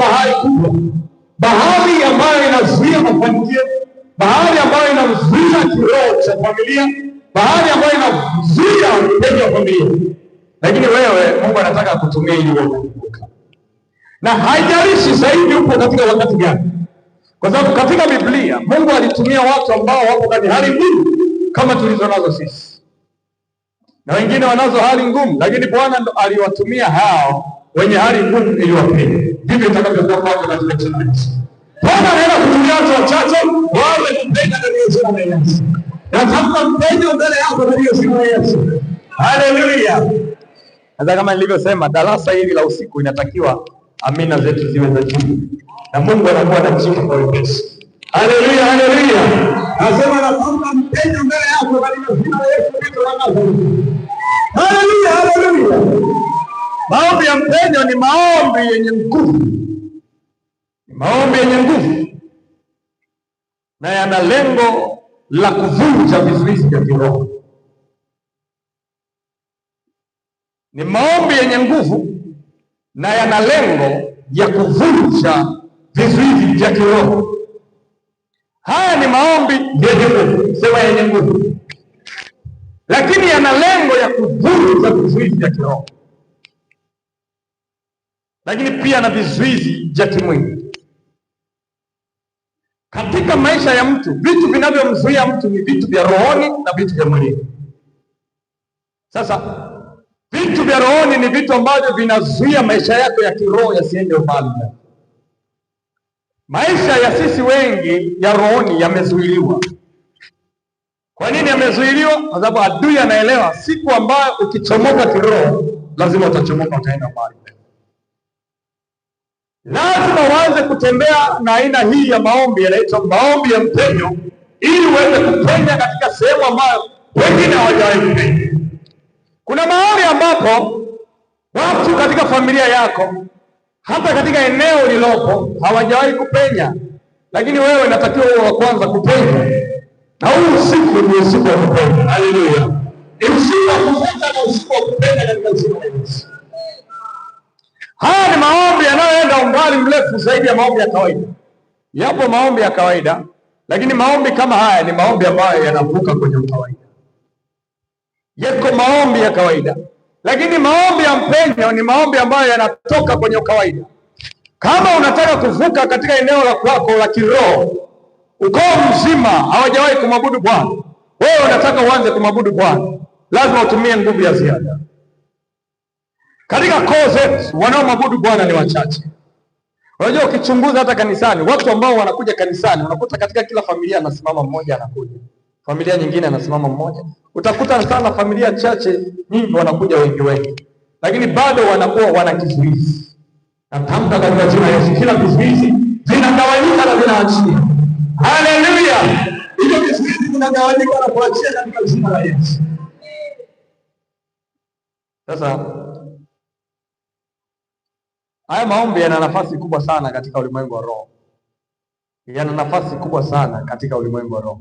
bahari kubwa, bahari ambayo inazuia mafanikio, bahari ambayo inazuia kiroho cha familia, bahari ambayo inazuia upendo wa familia. Lakini wewe Mungu anataka kutumia ili wewe kuvuka, na haijalishi zaidi upo katika wakati gani, kwa sababu katika Biblia Mungu alitumia watu ambao wako kwenye hali ngumu kama tulizo nazo sisi, na wengine wanazo hali ngumu, lakini Bwana ndo aliwatumia hao wenye hali ngumu iliwapenda. Ndivyo itakavyokuwa kwako katika chama hicho. Bwana anaenda kutumia watu wachache waweze kumpenda ndani ya jina la Yesu. Nataka mpende mbele yako ndani ya jina la Yesu. Haleluya. Hata kama nilivyosema, darasa hili la usiku inatakiwa amina zetu ziwe za chini, na Mungu anakuwa na anajibu kwa wepesi. Haleluya, haleluya. Nasema nataka mpende mbele yako ndani ya jina la Yesu. Maombi ya mpenyo ni maombi yenye nguvu, ni maombi yenye nguvu na yana lengo la kuvunja vizuizi vya kiroho. Ni maombi yenye nguvu na yana lengo ya kuvunja vizuizi vya kiroho. Haya ni maombi yenye nguvu, sema yenye nguvu, lakini yana lengo ya kuvunja vizuizi vya kiroho lakini pia na vizuizi vya kimwili. Katika maisha ya mtu, vitu vinavyomzuia mtu ni vitu vya rohoni na vitu vya mwili. Sasa vitu vya rohoni ni vitu ambavyo vinazuia maisha yako ya kiroho yasiende mbali. Maisha ya sisi wengi ya rohoni yamezuiliwa. Kwa nini yamezuiliwa? Kwa sababu adui anaelewa siku ambayo ukichomoka kiroho lazima utachomoka, utaenda mbali lazima uanze kutembea na aina hii ya maombi, yanaitwa maombi ya mpenyo, ili uweze kupenya katika sehemu ambayo wengine hawajawahi kupenya. Kuna maombi ambapo watu katika familia yako, hata katika eneo lilopo, hawajawahi kupenya, lakini wewe natakiwa uwe wa kwanza kupenya, na huu usiku ni usiku wa kupenya. Haleluya! Ni usiku wa kuvuta na usiku wa kupenya katika jina la Yesu. Haya ni maombi yanayoenda umbali mrefu zaidi ya maombi ya kawaida. Yapo maombi ya kawaida, lakini maombi kama haya ni maombi ambayo yanavuka kwenye ukawaida. Yako maombi ya kawaida, lakini maombi ya mpenyo ni maombi ambayo yanatoka kwenye ukawaida. Kama unataka kuvuka katika eneo la kwako la kiroho, ukoo mzima hawajawahi kumwabudu Bwana, wewe unataka uanze kumwabudu Bwana, lazima utumie nguvu ya ziada. Katika koo zetu wanaomwabudu Bwana ni wachache. Unajua, ukichunguza hata kanisani, watu ambao wanakuja kanisani unakuta katika kila familia anasimama mmoja, anakuja familia nyingine anasimama mmoja, utakuta sana familia chache nyingi wanakuja wengi wengi, lakini bado wanakuwa wana kizuizi. Natamka katika jina Yesu, kila kizuizi vinagawanyika na vinaachia. Haleluya! Hivyo kizuizi vinagawanyika na kuachia katika jina la Yesu. Sasa Haya maombi yana nafasi kubwa sana katika ulimwengu wa roho, yana nafasi kubwa sana katika ulimwengu wa roho,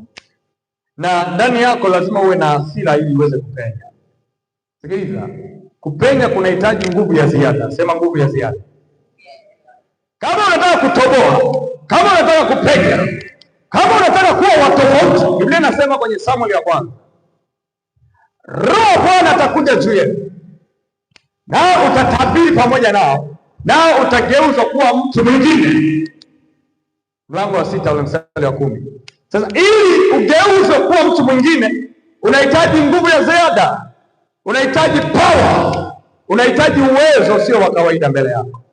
na ndani yako lazima uwe na hasira ili uweze kupenya. Sikiliza, kupenya kunahitaji nguvu ya ziada. Sema nguvu ya ziada. Kama unataka kutoboa, kama unataka kupenya, kama unataka kuwa watofauti, Biblia inasema kwenye Samueli ya kwanza, Roho Bwana atakuja juu yenu, na utatabiri pamoja nao nao utageuzwa kuwa mtu mwingine. Mlango wa sita ule mstari wa kumi. Sasa ili ugeuzwe kuwa mtu mwingine, unahitaji nguvu ya ziada, unahitaji power, unahitaji uwezo sio wa kawaida mbele yako,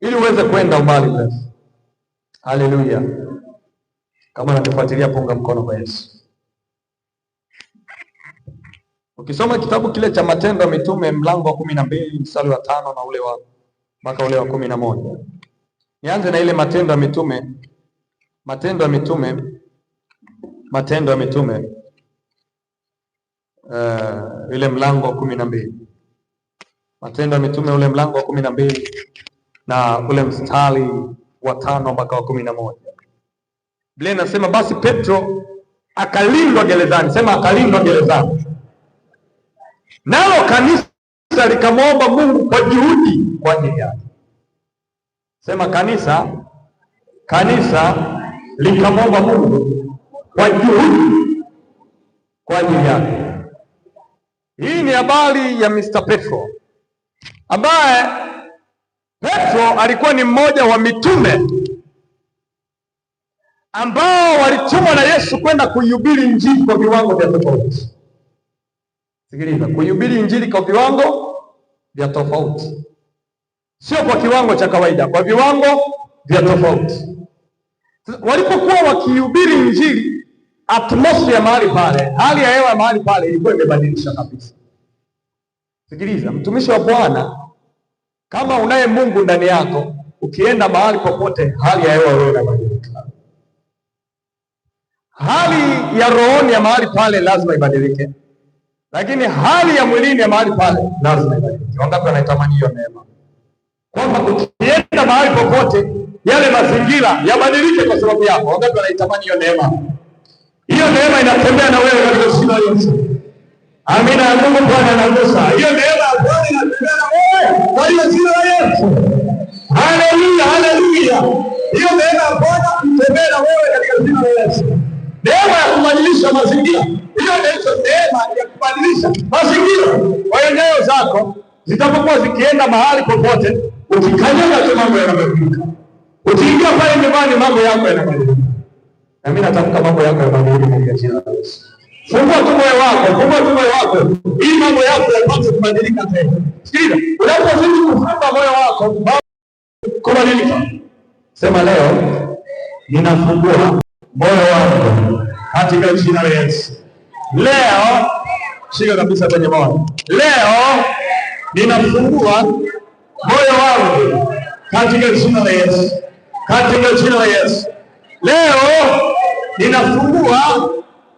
ili uweze kwenda umbali mrefu. Haleluya! Kama unanifuatilia, punga mkono kwa Yesu. Ukisoma kitabu kile cha Matendo ya Mitume mlango wa kumi na mbili mstari wa tano na ule wa mpaka ule wa kumi na moja. Nianze na ile Matendo ya Mitume, Matendo ya Mitume, Matendo ya Mitume uh, ile mlango wa kumi na mbili. Matendo ya Mitume ule mlango wa kumi na mbili na ule mstari wa tano mpaka wa kumi na moja. Biblia inasema basi Petro akalindwa gerezani, sema akalindwa gerezani, nalo kanisa kanisa likamwomba Mungu kwa juhudi kwa ajili yake. Sema kanisa, kanisa likamwomba Mungu kwa juhudi kwa ajili yake. Hii ni habari ya Mr. Petro ambaye Petro alikuwa ni mmoja wa mitume ambao walitumwa na Yesu kwenda kuihubiri Injili kwa viwango vya tofauti. Sikiliza, kuhubiri injili kwa viwango vya tofauti, sio kwa kiwango cha kawaida, kwa viwango vya tofauti. Walipokuwa wakihubiri injili, atmosphere mahali pale, hali ya hewa mahali pale ilikuwa imebadilisha kabisa. Sikiliza mtumishi wa Bwana, kama unaye Mungu ndani yako, ukienda mahali popote, hali ya hewa wewe inabadilika. Hali ya rohoni ya mahali pale lazima ibadilike lakini hali ya mwilini ya mahali pale lazima ibadilike. Wangapi wanaitamani hiyo neema, kwamba ukienda mahali popote yale mazingira yabadilike kwa sababu yako? Wangapi wanaitamani hiyo neema? Hiyo neema inatembea na wewe katika shida yote. Amina ya Mungu. Bwana anagusa hiyo neema ya Bwana inatembea na wewe katika shida yote. Haleluya, haleluya! Hiyo neema ya Bwana na wewe katika shida yote, neema ya kubadilisha mazingira ukienda mahali popote, ukikanyaga tu mambo yanabadilika. Ukiingia pale nyumbani, mambo yako yanabadilika. Na mimi natamka mambo yako yanabadilika katika jina la Yesu. Fungua tu moyo wako, fungua tu moyo wako ili mambo yako yapate kubadilika tena. Sikiliza, unapozidi kufunga moyo wako kubadilika. Sema leo ninafungua moyo wangu katika jina la Yesu. Leo shika kabisa kwenye moyo. Leo ninafungua moyo wangu katika jina la Yesu, katika jina la Yesu. Leo ninafungua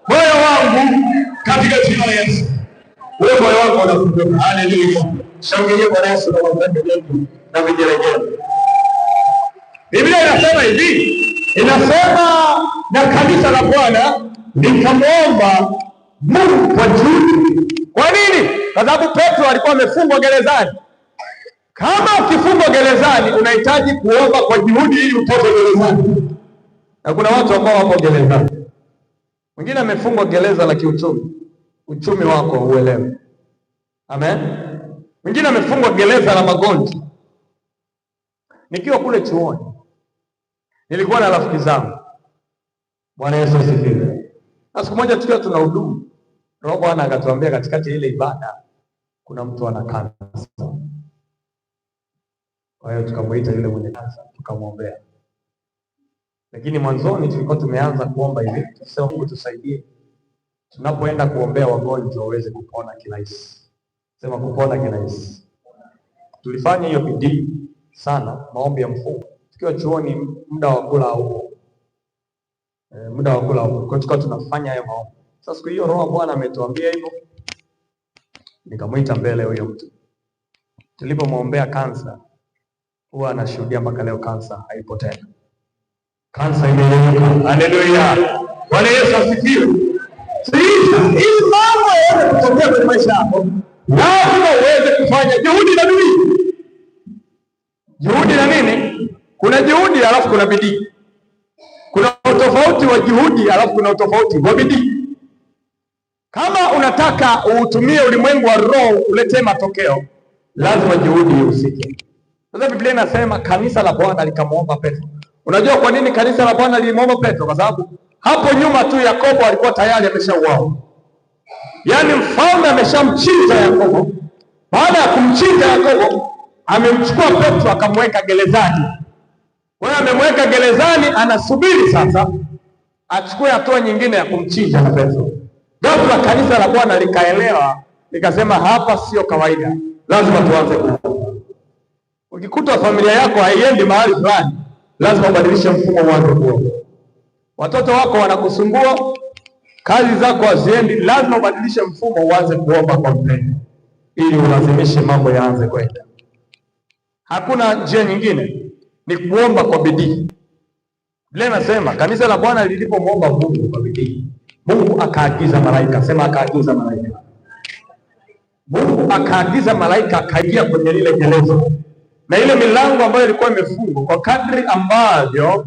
moyo wangu katika jina la Yesu. Wewe moyo wako unafunguka. Haleluya! shangilie Bwana Yesu na mapendo yetu na vigelegele. Biblia inasema hivi, inasema na kanisa la Bwana likamwomba Mungu kwa juhudi kwa nini? Kwa sababu Petro alikuwa amefungwa gerezani. Kama ukifungwa gerezani, unahitaji kuomba kwa juhudi ili utoke gerezani, na kuna watu ambao wako gerezani. Mwingine amefungwa gereza la kiuchumi, uchumi wako uelewe. Amen. Mwingine amefungwa gereza la magonjwa. Nikiwa kule chuoni nilikuwa na rafiki zangu, Bwana Yesu asifiwe, na siku moja tukiwa tuna hudumu Roho Bwana akatuambia katikati ya ile ibada kuna mtu ana kansa. Kwa hiyo tukamwita yule mwenye kansa tukamwombea, lakini mwanzoni tulikuwa tumeanza kuomba hivi, tusema Mungu tusaidie, tunapoenda kuombea wagonjwa waweze kupona kirahisi. Sema kupona kirahisi. Tulifanya hiyo bidii sana, maombi ya mfuko tukiwa chuoni, muda wa kula huko, eh, muda wa kula huko, tukawa tunafanya hayo maombi sasa siku hiyo roho Bwana ametuambia hivyo, nikamwita mbele huyo mtu. Tulipomwombea kansa, huwa anashuhudia mpaka leo, kansa haipo tena, kansa imeondoka. Haleluya, Bwana Yesu asifiwe. Hizi mambo yote kutokea kwa maisha yako, lazima uweze kufanya juhudi na bidii. Juhudi na nini? Kuna juhudi alafu kuna bidii. Kuna utofauti wa juhudi alafu kuna utofauti wa bidii. Kama unataka uutumie ulimwengu wa roho uletee matokeo, lazima juhudi ihusike. Sasa Biblia inasema kanisa la Bwana likamwomba Petro. Unajua kwa nini kanisa la Bwana lilimwomba Petro? Kwa sababu hapo nyuma tu Yakobo alikuwa tayari ameshauawa, yaani mfalme ameshamchinja Yakobo. Baada ya kumchinja Yakobo, amemchukua Petro akamweka gerezani. Kwa hiyo amemweka gerezani, anasubiri sasa achukue hatua nyingine ya kumchinja Petro Ghafla kanisa la Bwana likaelewa likasema, hapa sio kawaida, lazima tuanze ku. Ukikuta familia yako haiendi mahali fulani, lazima ubadilishe mfumo, wako huo. Watoto wako wanakusumbua, kazi zako haziendi, lazima ubadilishe mfumo, uanze kuomba kwa mpendo, ili ulazimishe mambo yaanze kwenda. Hakuna njia nyingine, ni kuomba kwa bidii. Biblia inasema kanisa la Bwana lilipomwomba Mungu kwa bidii Mungu akaagiza malaika, sema akaagiza malaika. Mungu akaagiza malaika akaingia kwenye lile gereza na ile milango ambayo ilikuwa imefungwa kwa kadri ambavyo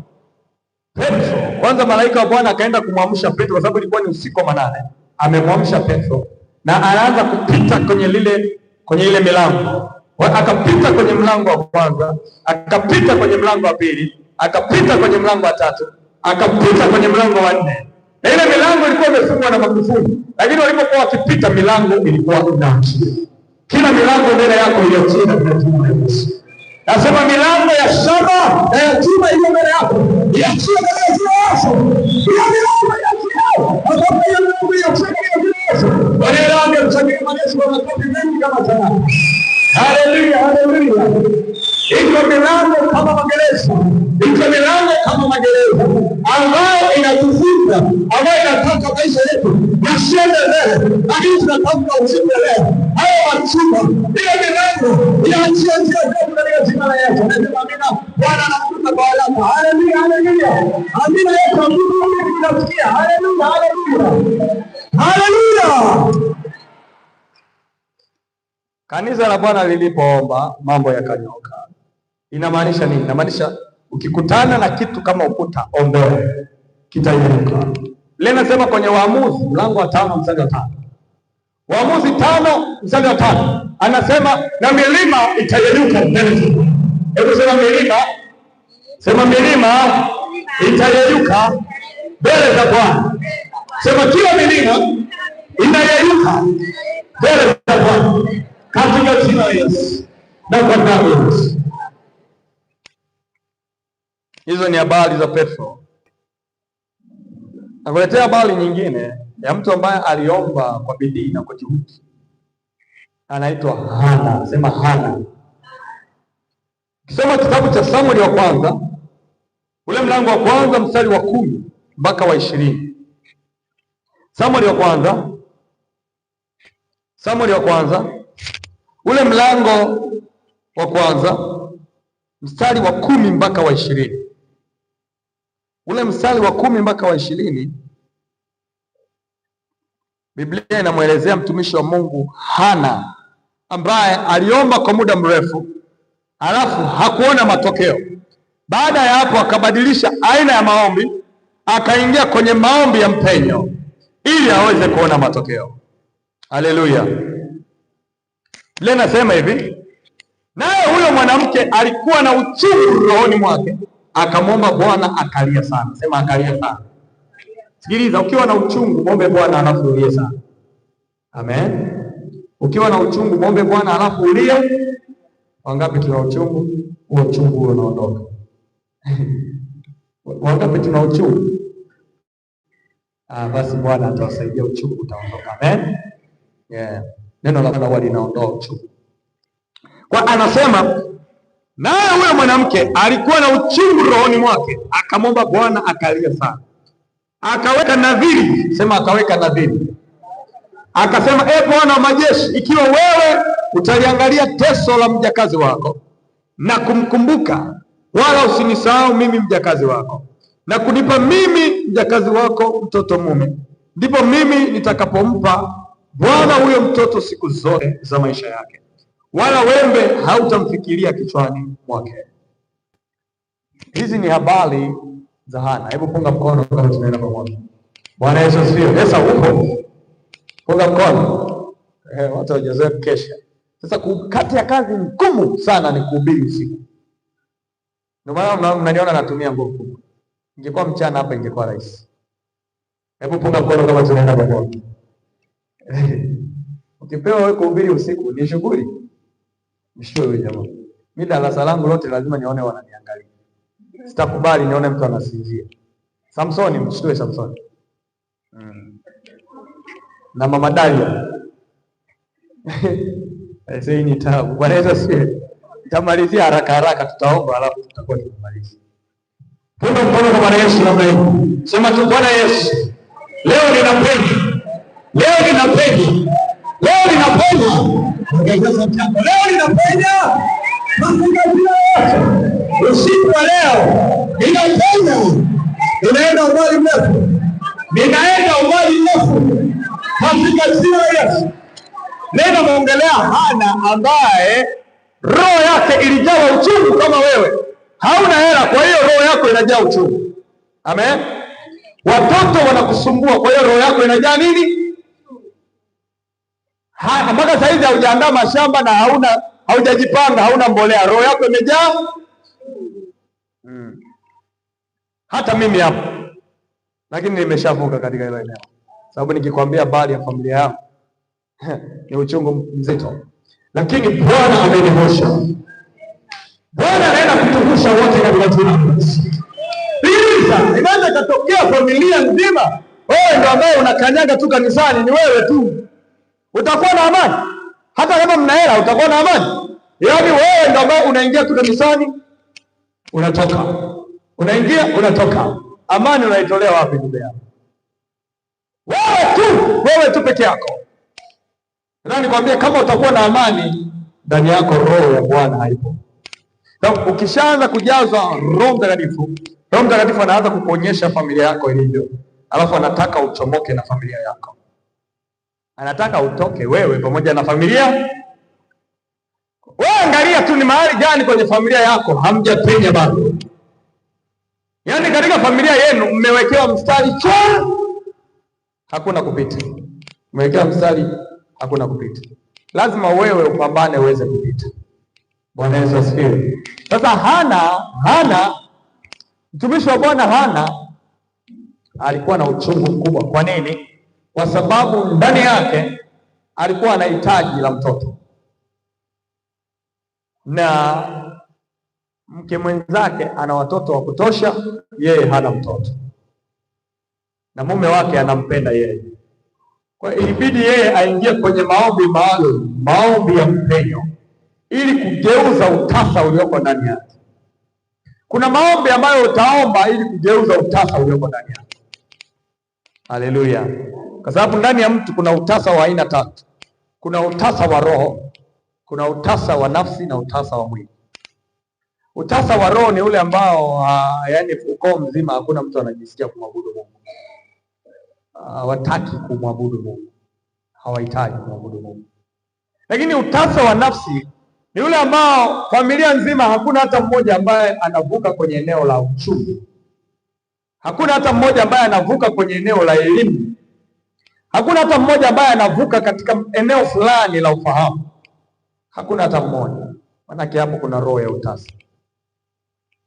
Petro, kwanza malaika wa Bwana akaenda kumwamsha Petro kwa sababu ilikuwa ni usiku wa manane. Amemwamsha Petro na anaanza kupita kwenye lile kwenye ile milango, akapita kwenye mlango wa kwanza, akapita kwenye mlango wa pili, akapita kwenye mlango wa tatu, akapita kwenye mlango wa nne na ile milango ilikuwa imefungwa na makufuli, lakini walipokuwa wakipita milango ilikuwa inaachiwa. Kila milango mbele yako iliyochina na chuma ya Yesu, nasema milango ya shaba na ya chuma iliyo mbele yako iachie mbele jina la Yesu. Hiyo milango iachie, kwa hiyo milango iachie mbele jina la Yesu. Walielewake msajili majeshi kwa makofi mengi kama sana. Haleluya, haleluya. Iko milango kama magereza, iko milango kama magereza ambayo ambayo ambayo inataka maisha yetu yasiende mbele, lakini tunatafuta ushindi leo. Hayo machuma hiyo milango iachie njia zetu katika jina la Yesu. Nasema amina. Bwana anakuta kwa haraka. Haleluya, haleluya, amina. Yesu Mungu tunasikia. Haleluya, haleluya, haleluya. Kanisa la Bwana lilipoomba mambo yakanyoka. Inamaanisha nini? Inamaanisha ukikutana na kitu kama ukuta, ombea kitainuka. Leo nasema kwenye Waamuzi mlango wa tano mstari wa tano Waamuzi tano mstari wa tano anasema na milima itayeyuka mbele zako. Hebu sema milima, sema milima itayeyuka mbele za Bwana. Sema kila milima inayeyuka mbele za Bwana katika jina la Yesu na kwa damu ya Yesu. Hizo ni habari za Petro Nakuletea habari nyingine ya mtu ambaye aliomba kwa bidii na kwa juhudi, anaitwa Hana. Sema Hana. Kisoma kitabu cha Samueli wa kwanza ule mlango wa kwanza mstari wa kumi mpaka wa ishirini. Samueli wa kwanza, Samueli wa kwanza ule mlango wa kwanza mstari wa kumi mpaka wa ishirini ule mstari wa kumi mpaka wa ishirini Biblia inamwelezea mtumishi wa Mungu Hana ambaye aliomba kwa muda mrefu halafu hakuona matokeo. Baada ya hapo, akabadilisha aina ya maombi, akaingia kwenye maombi ya mpenyo ili aweze kuona matokeo. Haleluya! Biblia inasema hivi, naye huyo mwanamke alikuwa na uchungu rohoni mwake akamwomba Bwana akalia sana. Sema akalia sana. Sikiliza, ukiwa na uchungu muombe Bwana alafu ulie sana. Amen. Ukiwa na uchungu muombe Bwana alafu ulie. Wangapi tuna uchungu? Huo uchungu huo unaondoka. Wangapi tuna uchungu? Ah, basi Bwana atawasaidia, uchungu utaondoka. Amen. Yeah. Neno la Bwana huwa linaondoa uchungu. Kwa anasema Naye huyo mwanamke alikuwa na uchungu rohoni mwake, akamwomba Bwana akalia sana, akaweka nadhiri, sema akaweka nadhiri, akasema e Bwana wa majeshi, ikiwa wewe utaliangalia teso la mjakazi wako na kumkumbuka, wala usinisahau mimi mjakazi wako, na kunipa mimi mjakazi wako mtoto mume, ndipo mimi nitakapompa Bwana huyo mtoto siku zote za maisha yake wala wembe hautamfikiria kichwani mwake. Hizi ni habari za Hana. Hebu punga mkono kama tunaenda pamoja. Bwana Yesu asifiwe. Sasa huko. punga mkono eh, watu wa Joseph kesha. Sasa kati ya kazi ngumu sana ni kuhubiri usiku, ndio maana mnaniona natumia nguvu kubwa. Ingekuwa mchana hapa ingekuwa rahisi. Hebu punga mkono kama tunaenda pamoja. Ukipewa wewe kuhubiri usiku ni shughuli Nishiwe jamaa. Mimi darasa langu lote lazima nione wananiangalia. Sitakubali nione mtu anasinzia. Samsoni, mshtue Samsoni. Mm. Na mama Dalia. Sasa ni tabu. Bwana Yesu asifiwe. Tamalizia haraka haraka, tutaomba alafu tutakuwa tumemaliza. Punga mkono kwa Bwana Yesu namna hiyo. Sema tu Bwana Yesu. Leo ninapenda. Leo ninapenda. Leo ninapenda leo linapenya makangazio yote. Usiku wa leo inapenya inaenda umbali mrefu, ninaenda umbali mrefu katika jina Yesu. Neno naongelea Hana ambaye roho yake ilijawa uchungu kama wewe. Hauna hela, kwa hiyo roho yako inajaa uchungu. Amen. Watoto wanakusumbua, kwa hiyo roho yako inajaa nini? mpaka saizi haujaandaa mashamba na hauna haujajipanga, hauna mbolea, roho yako imejaa hmm. Hata mimi hapo, lakini nimeshavuka katika hilo eneo, sababu nikikwambia bali ya familia yangu ni uchungu mzito, lakini Bwana amenihosha. Bwana anaenda kutukusha wote katika jina inaweza ikatokea familia nzima, wewe ndio ambaye unakanyaga tu kanisani, ni wewe tu utakuwa na amani. Hata kama mna hela utakuwa na amani. Yaani wewe ndio ambaye unaingia tu kanisani, unatoka, unaingia, unatoka. Amani unaitolea wapi ndugu yangu? Wewe tu, wewe tu peke yako. Na nikwambia kama utakuwa na amani ndani yako, roho ya Bwana haipo. Na ukishaanza kujazwa Roho Mtakatifu, Roho Mtakatifu anaanza kukuonyesha familia yako ilivyo, alafu anataka uchomoke na familia yako anataka utoke wewe pamoja na familia. Wewe angalia tu ni mahali gani kwenye familia yako hamjapenya bado, yaani katika familia yenu mmewekewa mstari cha hakuna kupita, mmewekewa mstari, hakuna kupita. Lazima wewe upambane uweze kupita. Bwana Yesu asifiwe. Sasa Hana, Hana mtumishi wa Bwana Hana alikuwa na uchungu mkubwa. Kwa nini? kwa sababu ndani yake alikuwa na hitaji la mtoto, na mke mwenzake ana watoto wa kutosha, yeye hana mtoto, na mume wake anampenda yeye. Kwa ilibidi yeye aingie kwenye maombi maalum, maombi ya mpenyo, ili kugeuza utasa ulioko ndani yake. Kuna maombi ambayo utaomba ili kugeuza utasa ulioko ndani yake. Haleluya! Kwa sababu ndani ya mtu kuna utasa wa aina tatu. Kuna utasa wa roho, kuna utasa wa nafsi na utasa wa mwili. Utasa wa roho ni ule ambao uh, yaani ukoo mzima hakuna mtu anajisikia kumwabudu Mungu. Ah, hawataki kumwabudu Mungu, hawahitaji kumwabudu Mungu. Lakini utasa wa nafsi ni ule ambao familia nzima hakuna hata mmoja ambaye anavuka kwenye eneo la uchumi, hakuna hata mmoja ambaye anavuka kwenye eneo la elimu Hakuna hata mmoja ambaye anavuka katika eneo fulani la ufahamu, hakuna hata mmoja. Maanake hapo kuna roho ya utasa.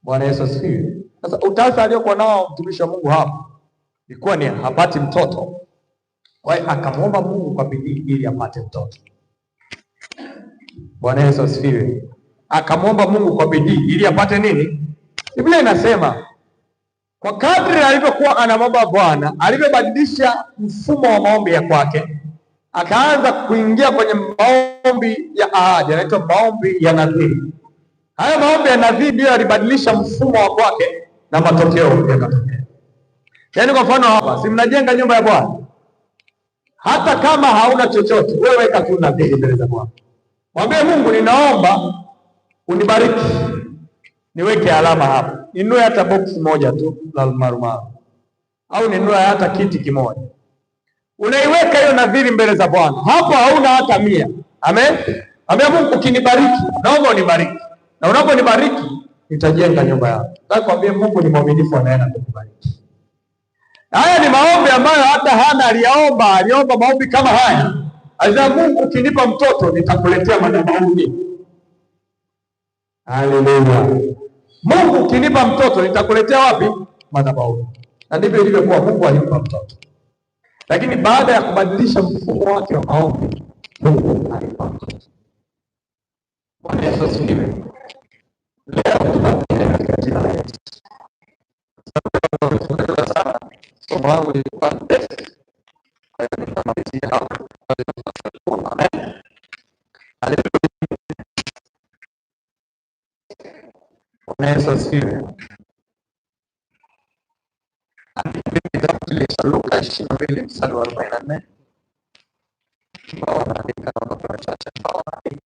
Bwana Yesu asifiwe. Sasa utasa aliyokuwa nao mtumishi wa Mungu hapo ilikuwa ni hapati mtoto, kwa hiyo akamwomba Mungu kwa bidii ili apate mtoto. Bwana Yesu asifiwe. Akamwomba Mungu kwa bidii ili apate nini? Biblia inasema kwa kadri alivyokuwa anamwomba Bwana, alivyobadilisha mfumo wa maombi ya kwake, akaanza kuingia kwenye maombi ya ahadi, anaitwa maombi ya nadhiri. Haya maombi ya nadhiri ndiyo yalibadilisha mfumo wa kwake na matokeo yakatokea. Yaani, kwa mfano hapa, si mnajenga nyumba ya Bwana? Hata kama hauna chochote, wewe weka tu nadhiri mbele za Bwana, mwambie Mungu, ninaomba unibariki, niweke alama hapa ninunue hata boksi moja tu la marumaru, au ninunue hata kiti kimoja, unaiweka hiyo nadhiri mbele za Bwana. Hapo hauna hata mia. Amen, amen. Mungu, ukinibariki naomba unibariki, na unaponibariki nitajenga nyumba yako. Nataka kuambia Mungu ni mwaminifu, anaenda kukubariki. Haya ni maombi ambayo hata Hana aliyaomba, aliomba maombi kama haya. Alisema Mungu, ukinipa mtoto nitakuletea madhabahu. Haleluya. Mungu ukinipa mtoto nitakuletea wapi? Madhabahu. Na ndivyo ilivyokuwa, Mungu alimpa mtoto, lakini baada ya kubadilisha mfumo wake wa maombi, Mungu alimpa mtoto. Bwana Yesu asifiwe. Leo tunapenda katika jina la Yesu. somo langu lilikuwa kwa hiyo nitamalizia hapo. Amen. Haleluya. nessas vivendas. అవకాశం వెళ్ళి సర్వర్ పైన భావనాన్ని కావాలి భావనాన్ని